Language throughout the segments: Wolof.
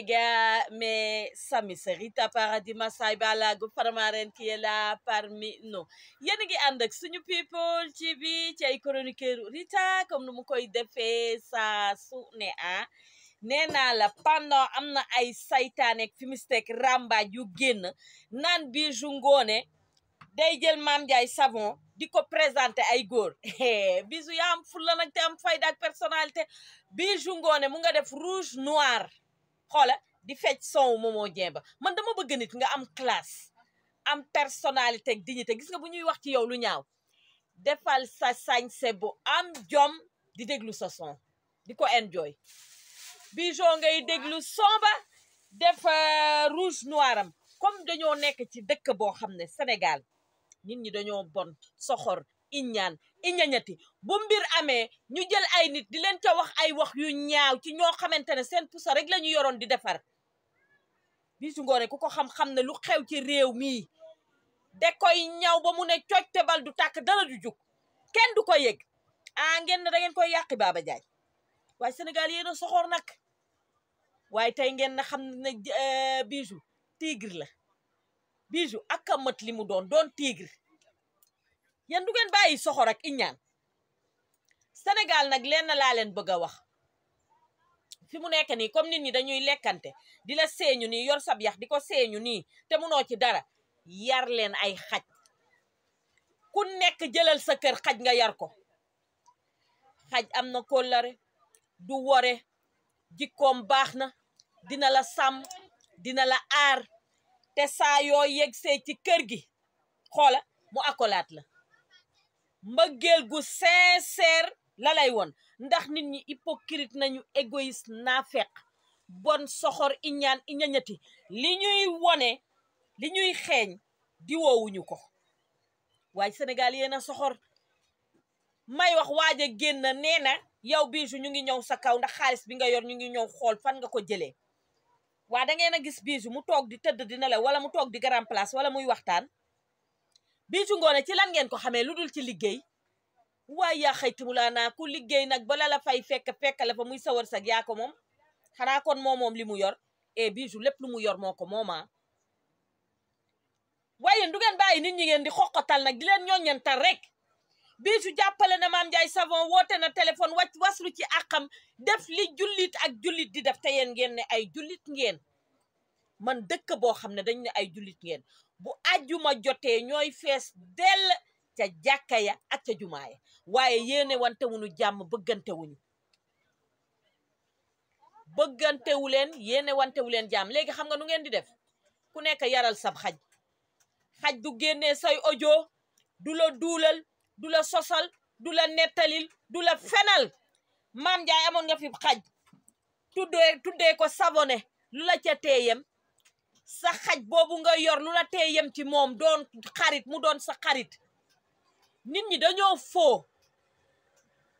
Nega, mais sa miserita paradima saibala gu farmaren kiela parmi nous. Yéen a ngi ànd ak suñu people ci bi ci ay chroniqueur Rita comme nu mu koy defee saa su ne ah nee naa la pendant am na ay saytaane ak fimisteek rambaaj yu génn naan bii ju ngoone day jël Mame Ndiaye Savon di ko présenté ay góor bisu yaa am fulla nag te am fayda ak personnalité ngoone mu nga def rouge noir xoola di fecc sonw moomoo jemba man dama bëgg nit nga am classe am personnalité ak dignité gis nga bu ñuy wax ci yow lu ñaaw defal sa sañse bu am jom di déglu sa son di ko enjoy bijo ngay déglu son ba def euh, rouge noiram comme dañoo nekk ci dëkk boo xam ne Sénégal nit ñi dañoo bon soxor iññaan iñañati bu mbir amee ñu jël ay nit di leen ca wax ay wax yu ñaaw ci ñoo xamante ne seen pusa rek la ñu yoroon di defar Bijou ngoone ku ko xam-xam ne lu xew ci réew mii de koy ñaw ba mu ne cooj te bal du tàkk dara du jug kenn du ko yëg ah ngeen ne da ngeen koy yàqi Baba Jaay waaye Sénégal yéen soxor soxoor nag waaye tey ngeen na xam ne eh, Bijou tigre la Bijou ak a mat li mu doon doon tigre yéen du ngeen bàyyi soxor ak iñaan Sénégal nag lenn laa leen bëgg a wax fi mu nekk nii comme nit ñi dañuy lekkante di la seeñu nii yor sab yax di ko seeñu nii te munoo ci dara yar leen ay xaj ku nekk jëlal sa kër xaj nga yar ko xaj am na kolare du wore jikkoom baax na dina la sàmm dina la aar te saa yoo yegg see ci kër gi xoola mu akolaat la mbëggeel gu sincère la lay woon ndax nit ñi hypocrite nañu égoïste feq bon soxor iñaan iñañati li ñuy wone li ñuy xeeñ di woowuñu ko waaye Sénégal yéen a soxor may wax waaj a génn nee na yow biisu ñu ngi ñëw sa kaw ndax xaalis bi nga yor ñu ngi ñëw xool fan nga ko jëlee waa dangeen a gis biisu mu toog di tëdd di nelaw wala mu toog di grand place wala muy waxtaan Bijou Ngoné ci lan ngeen ko xamee lu dul ci liggéey waaye yaa xaytimu laa naa ku liggéey nag bala la fay fekk fekk la fa muy sa wërsëg yaa moom xanaa kon moo moom li mu yor et eh, Bijou lépp lu mu yor moo ko moomaa waaye du ngeen bàyyi nit ñi ngeen di xoqatal nag di leen ñooñantal rek Bijou jàppale na Mame Ndiaye Savon woote na téléphone wàcc waslu ci àqam def li jullit ak jullit di def te yéen ngeen ne ay jullit ngeen man dëkk boo xam ne dañ ay jullit ngeen bu ajjuma jotee ñooy fees dell ca jàkka ya ak ca jumaa ya waaye yéene wante wuñu jàmm bëggante wuñu bëggante wu leen yéene léegi xam nga nu ngeen di def ku nekk yaral sab xaj xaj du génne say audio du la duulal du la sosal du la nettalil du la fenal maam Njaay amoon nga fi xaj tuddee tuddee ko savonné lu la ca teeyem sa xaj boobu nga yor lu la tee yem ci moom doon xarit mu doon sa xarit nit ñi dañoo foo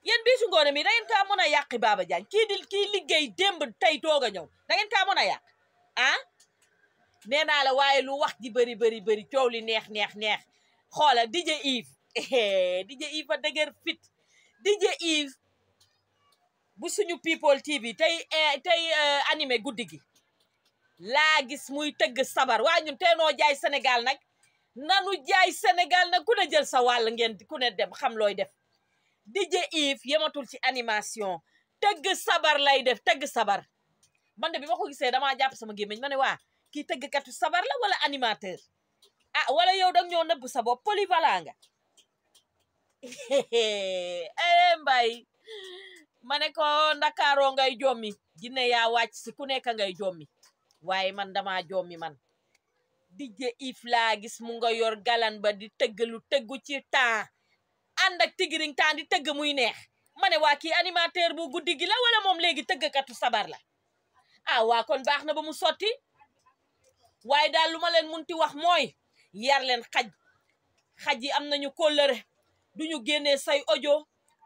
yéen biisu ngoone mi da ngeen kaa mën a yàq Baba Diagne kii di kii liggéey démb tey toog a ñëw da ngeen kaa mën a yàq ah nee naa la waaye lu wax ji bëri bëri bëri coow li neex neex neex xoola DJ Yves DJ Yves a dëgër fit DJ Yves bu suñu people TV tey eh, tey eh, animé guddi gi la gis muy tëgg sabar waa ñun teenoo jaay Sénégal nag nanu jaay Sénégal nag ku ne jël sa wàll ngeen ku ne dem xam looy def DJ Yves yematul ci animation tëgg sabar lay def tëgg sabar man de bi ma ko gisee damaa jàpp sama gémmiñ ma ne waa kii tëggkatu sabar la wala animateur ah wala yow dang ñoo nëbb sa bopp polyvalent nga eh, mbay ma ne ko ndakaaroo ngay jommi ginne yaa wàcc si ku nekk ngay jommi waaye man dama joomi man dijje if laa gis mu nga yor galan ba di tëgg lu tëggu ci temps ànd ak tigiring temps di tëgg muy neex ma ne waa kii animateur bu guddi gi la wala moom léegi tëggkatu sabar la ah waa kon baax na ba mu sotti waaye daal lu ma leen munti wax mooy yar leen xaj xaj yi am nañu kóllëre duñu génne say audio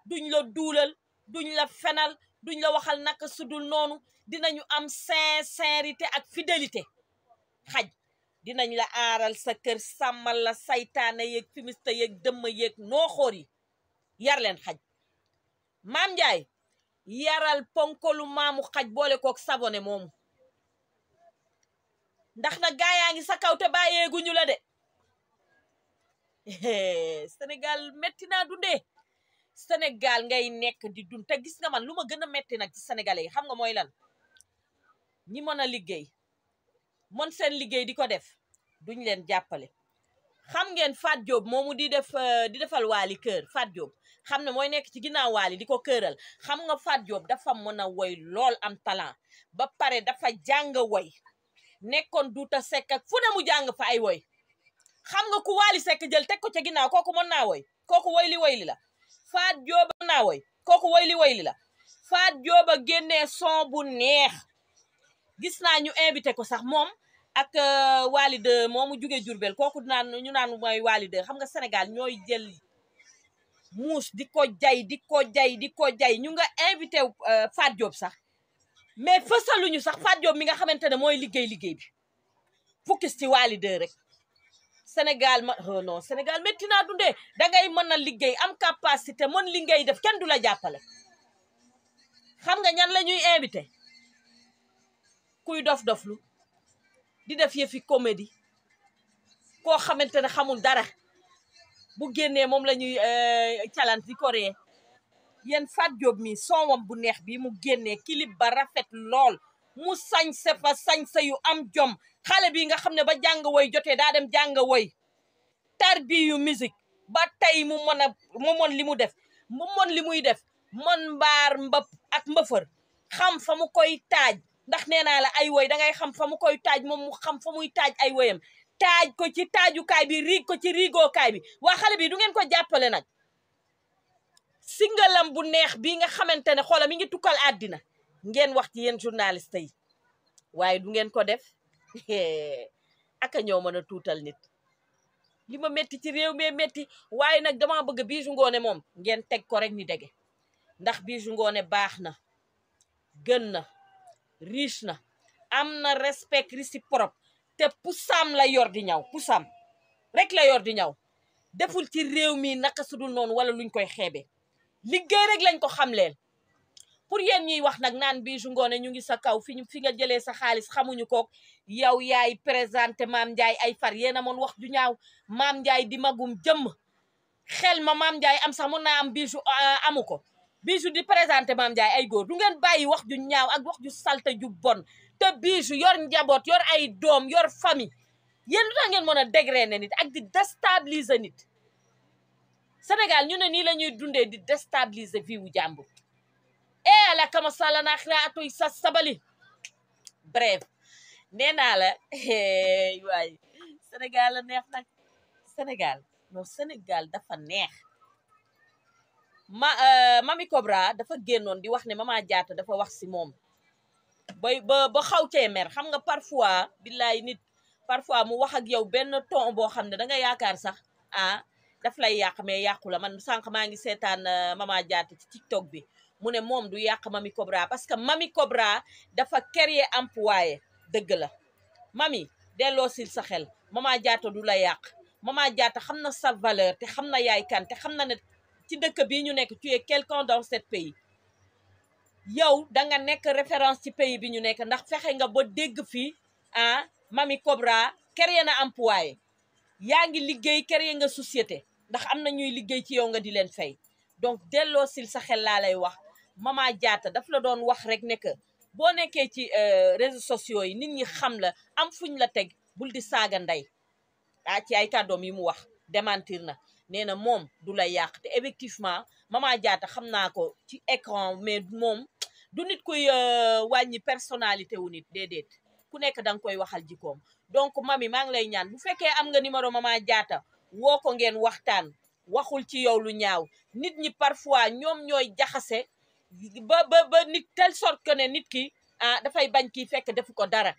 duñ la duulal duñ la fenal duñ la waxal naka sudul noonu dinañu am sincérité ak fidélité xaj dinañ la aaral sa kër sàmmal la saytaane yeeg fimiste yeeg dëmm yeeg nooxoor yi yar leen xaj maam Njaay yaral ponkolu maamu xaj boole kook sabone moomu ndax na gaa yaa ngi sa kaw te bàyyeeguñu la de Sénégal metti naa dundee Sénégal ngay nekk di dund te gis nga man lu ma gën a metti nag ci sénégalais yi xam nga mooy lan ñi mën a liggéey mën seen liggéey di ko def duñ leen jàppale xam ngeen Fat Diop moomu di def euh, di defal waali kër Fat Diop xam ne mooy nekk ci ginnaaw waali di ko këral xam nga Fat Diop dafa mën a woy lool am talent ba pare dafa jàng woy nekkoon duuta sekk ak fu ne mu jàng fa ay woy xam nga ku waali sekk jël teg ko ca ginnaaw kooku mën naa woy kooku woy li woy li la faat jooba naa woy kooku woyli woyli la faat jooba génnee son bu neex gis naa ñu invité ko sax moom ak euh, moom moomu jóge Jurbel kooku naan ñu naan mooy Walide xam nga Sénégal ñooy jël muus di ko jay di ko jay di ko jay ñu nga invité euh, faat joob sax mais fësaluñu sax faat joob mi nga xamante ne mooy liggéey liggéey bi fukkis ci Walide rek Sénégal ma oh non Sénégal métti naa dundee dangay mën a liggéey am capacité man li ngay def kenn du la jàppale. xam nga ñan la ñuy invité kuy dof-doflu di def yëfi comédie koo xamante ne xamul dara bu génnee moom la ñuy euh, challenge di ko ree yéen Fat Diop mi sonwam bu neex bi mu génnee clip ba rafet lool mu sañse fa sañse yu am jom xale bi nga xam ne ba jàng woy jotee daa dem jàng woy tarbiyu musique ba tey mu mën mu mën li mu def mu mën li muy def mën mbaar mbëpp ak mbafar xam fa mu koy taaj ndax nee naa la ay woy dangay xam fa mu koy taaj moom mu xam fa muy taaj ay woyam taaj ko ci taajukaay bi riig ko ci riigookaay bi waa xale bi du ngeen ko jàppale nag singalam bu neex bii nga xamante ne xoola mi ngi tukkal àddina ngeen wax ci yéen journaliste yi waaye du ngeen ko def aka ñoo mën a tuutal nit li ma métti ci réew mi métti waaye nag dama bëgg Bijou Ngoné moom ngeen teg ko rek ni dege ndax Bijou Ngoné baax na gën na riche na am na respect réciproque te pusaam la yor di ñaw pusaam rek la yor di ñaw deful ci réew mi naka sudul noonu wala luñ koy xeebe liggéey rek lañ ko xamleel pour yéen ñuy wax nag naan Bijou Ngoné ñu ngi sa kaw fi ñu fi nga jëlee sa xaalis xamuñu ko yow yaay présenté Maam Ndiaye ay far yéen a moon wax ju ñaaw Maam Ndiaye di magum jëmm xel ma Maam Ndiaye am sax mun naa am Bijou euh, amu ko Bijou di présenté Maam Ndiaye ay góor du ngeen bàyyi wax ju ñaaw ak wax ju salte ju bon te Bijou yor njaboot yor ay doom yor famille yéen lu ngeen mën a dégréner nit ak di déstabiliser nit Sénégal ñu ne nii lañuy dundee di déstabiliser vie wu jàmbur la ala kama sala na xiraatu sa sabali bref nee naa la waay Sénégal la neex nag Sénégal non Sénégal dafa neex ma euh, Mamy Cobra dafa génnoon di wax ne Mama Diatta dafa wax si moom bo ba xaw cee mer xam nga parfois billaay nit parfois mu wax ak yow benn ton boo xam ne danga nga yaakaar sax ah daf lay yàq mais yàqu la man sànq maa ngi seetaan euh, Mama Diatta ci TikTok bi mu ne moom du yàq mami Cobra parce que mami Cobra dafa créer employé dëgg la mami delloo sil sa xel mama jaata du la yàq mama jaata xam na sa te xam na yaay kan te xam na ne ci dëkk bii ñu nekk tu es quelqu'un dans ce pays yow danga nekk référence ci pays bi ñu nekk ndax fexe nga ba dégg fii ah mami Cobra créé na employé yaa ngi liggéey créé nga société ndax am na ñuy liggéey ci yow nga di leen fay donc delloo sil sa xel laa lay wax Mama jaata daf la doon wax rek ne que boo nekkee ci euh, réseaux sociaux yi nit ñi xam la am fuñ la teg bul di saaga ndey ah ci ay kàddoom yi mu wax demantir na nee na moom du la yàq te effectivement Mama jaata xam naa ko ci écran mais moom du nit kuy euh, wàññi personnalité wu nit déedéet ku nekk da nga koy waxal jikkoom donc mami maa ngi lay ñaan bu fekkee am nga numéro Mama jaata woo ko ngeen waxtaan waxul ci yow lu ñaaw nit ñi parfois ñoom ñooy jaxase ba ba ba nit telle sorte que ne nit ki ah dafay bañ kii fekk defu ko dara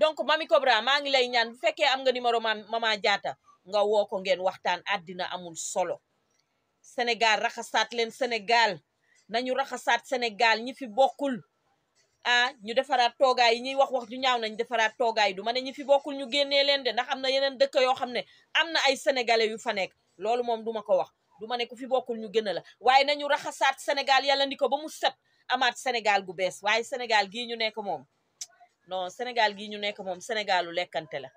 donc mami Cobra maa ngi lay ñaan bu fekkee am nga numéro ma mama jaata nga woo ko ngeen waxtaan àddina amul solo Sénégal raxasaat leen Sénégal nañu raxasaat Sénégal ñi fi bokkul ah ñu defaraat toogaay yi ñuy wax wax ñu ñaaw nañ defaraat toogaay du mane ne ñi fi bokkul ñu génnee leen de ndax am na yeneen dëkk yoo xam ne am na ay sénégalais yu fa nekk loolu moom duma ko wax du ma ne ku fi bokkul ñu gëna la waaye nañu raxasaat Sénégal yàlla ndi ko ba mu set amaat Sénégal gu bees waaye Sénégal gii ñu nekk moom non Sénégal gii ñu nekk moom Sénégalu lekkante la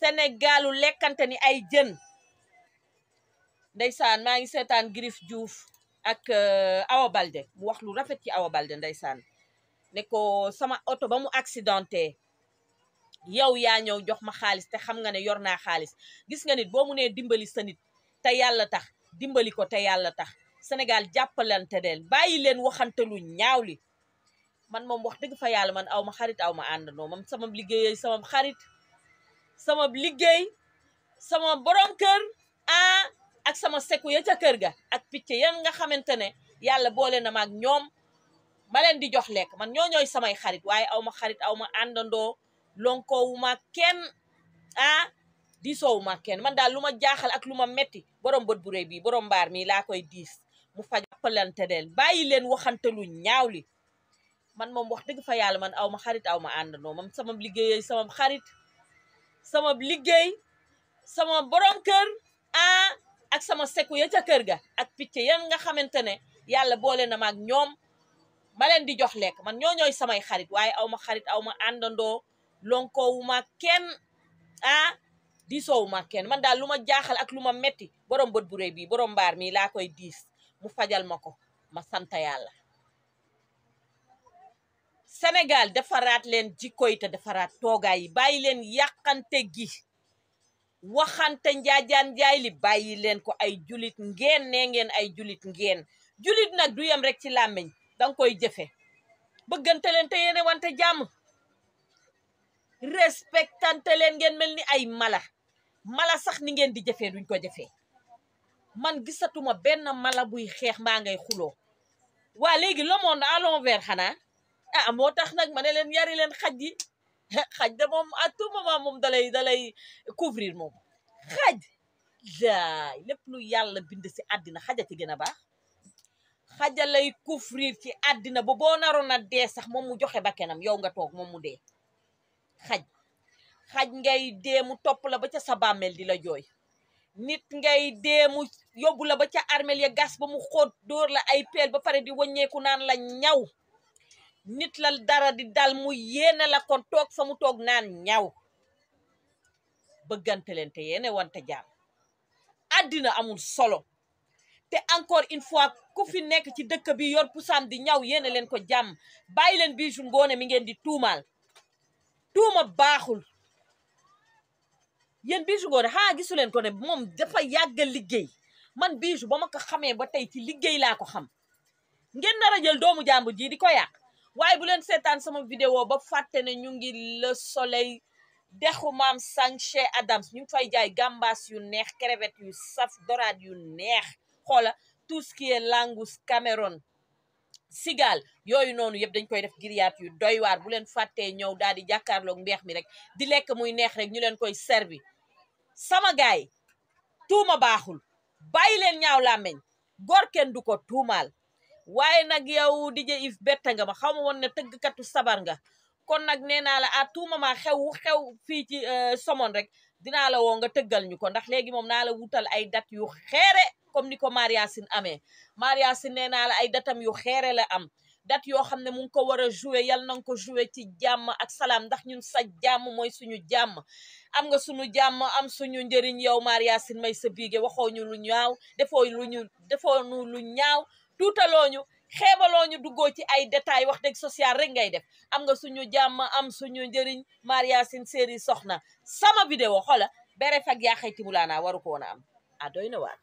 Sénégalu lekkante ni ay jën ndeysaan maa ngi seetaan Griff juuf ak euh, Awa Balde mu wax lu rafet ci Awa Balde ndeysaan ne ko sama oto ba mu accidenté yow yaa ñëw jox ma xaalis te xam nga ne yor naa xaalis gis nga nit boo mu nee dimbali sa nit te yàlla tax dimbali ko te yàlla tax Sénégal jàppalante leen bàyyi leen waxante lu ñaaw li man moom wax dëgg fa yàlla man aw ma xarit aw ma àndandoo man sama liggéey sama xarit sama liggéey sama borom kër ah ak sama seku ya ca kër ga ak picc yan nga xamante ne yàlla boole na ma ak ñoom ma leen di jox lekk man ñoo ñooy samay xarit waaye aw ma xarit aw ma àndandoo lonkoowuma kenn diisoowu ma kenn man daal lu ma jaaxal ak lu ma metti borom bët bu rëy bii borom mbaar mi laa koy diis mu faj jàppalante leen bàyyi leen waxante lu ñaaw li man moom wax dëgg fa yàlla man aw ma xarit aw ma àndandoo man sama liggéey sama xarit sama liggéey sama borom kër ah ak sama seku ya ca kër ga ak picc yan nga xamante ne yàlla boole na ma ak ñoom ma leen di jox lekk man ñoo ñooy samay xarit waaye aw ma xarit aw ma àndandoo lonkoowuma kenn ah diisoowu ma kenn man daal lu ma jaaxal ak lu ma metti borom bët bu rëy bii borom mbaar mii laa koy diis mu fajal ma ko ma sant yàlla Sénégal defaraat leen jikko yi te defaraat toogaay yi bàyyi leen yàqante gi waxante njaajaan njaay li bàyyi leen ko ay julit ngeen nee ngeen ay julit ngeen julit nag du yem rek ci làmmiñ danga koy jëfe bëggante leen te yéene wante jàmm respectante leen ngeen mel ni ay mala mala sax ni ngeen di jëfee duñ ko jëfee man gisatuma benn mala buy xeex mbaa ngay xuloo waa léegi le monde à xanaa ah moo tax nag ma ne leen yari leen xaj yi xaj da moom à tout moment moom dalay dalay couvrir moom xaj daay lépp lu yàlla bind si àddina xaj ci gën a baax xaja lay couvrir ci àddina ba boo naroon a dee sax moom mu joxe bakkenam yow nga toog moom mu dee xaj xaj ngay dee topp la ba ca sa bàmmeel di la jooy nit ngay dee mu la ba ca armeel ya gas ba mu xóot dóor la ay peel ba pare di wañeeku naan la ñaw nit la dara di dal mu yéene la kon toog fa mu toog naan ñaw bëggante leen te yéene wante jaam àddina amul solo te encore une fois ku fi nekk ci dëkk bi yor pusaan di ñaw yéene leen ko jàmm bàyyi leen biisu ngoone mi ngeen di tuumaal tuuma baaxul yéen Bijou Ngoné xanaa xaa gisuleen ko ne moom dafa yàgg liggéey man Bijou ba ma ko xamee ba tey ci liggéey laa ko xam ngeen nar rajal doomu jàmbur ji di ko yàq waaye bu leen seetaan sama vidéo ba fàtte ne ñu ngi le soleil dexu maam Sanché Adams ñu fay jaay gàmbaas yu neex crevette yu saf dorade yu neex xoola tout ce qui est langouste Cameroun sigal yooyu noonu yëpp dañ koy def grillade yu doy bu leen fàttee ñëw daal di jàkkaarloog mbeex mi rek di lekk muy neex rek ñu leen koy servi sama gaay tuuma baaxul bàyyi leen ñaaw làmmeñ góor kenn du ko tuumaal waaye nag yow DJ Yves bett nga ma xaw ma woon ne tëggkatu sabar nga kon nag nee naa la ah tuuma ma xew xew fii ci euh, somon rek dinaa la woon nga tëggal ñu ko ndax léegi moom naa la wutal ay dat yu xeere comme ni ko Maria Sine amee Maria Sine nee naa la ay datam yu xeere la am dat yoo xam ne mu ngi ko war a joué yal nan ko joué ci jàmm ak salaam ndax ñun sa jàmm mooy suñu jàmm am nga suñu jàmm am suñu njëriñ yow Marie Yacine may sa biige waxoo ñu lu ñaaw defoo lu ñu defoo ñu lu ñaaw tuutaloo ñu xeebaloo ñu duggoo ci ay détails wax dëgg social rek ngay def am nga suñu jàmm am suñu njëriñ Marie Yacine série soxna sama vidéo xoola bere fag yaa xayti mulaanaa waru ko a am ah doy waar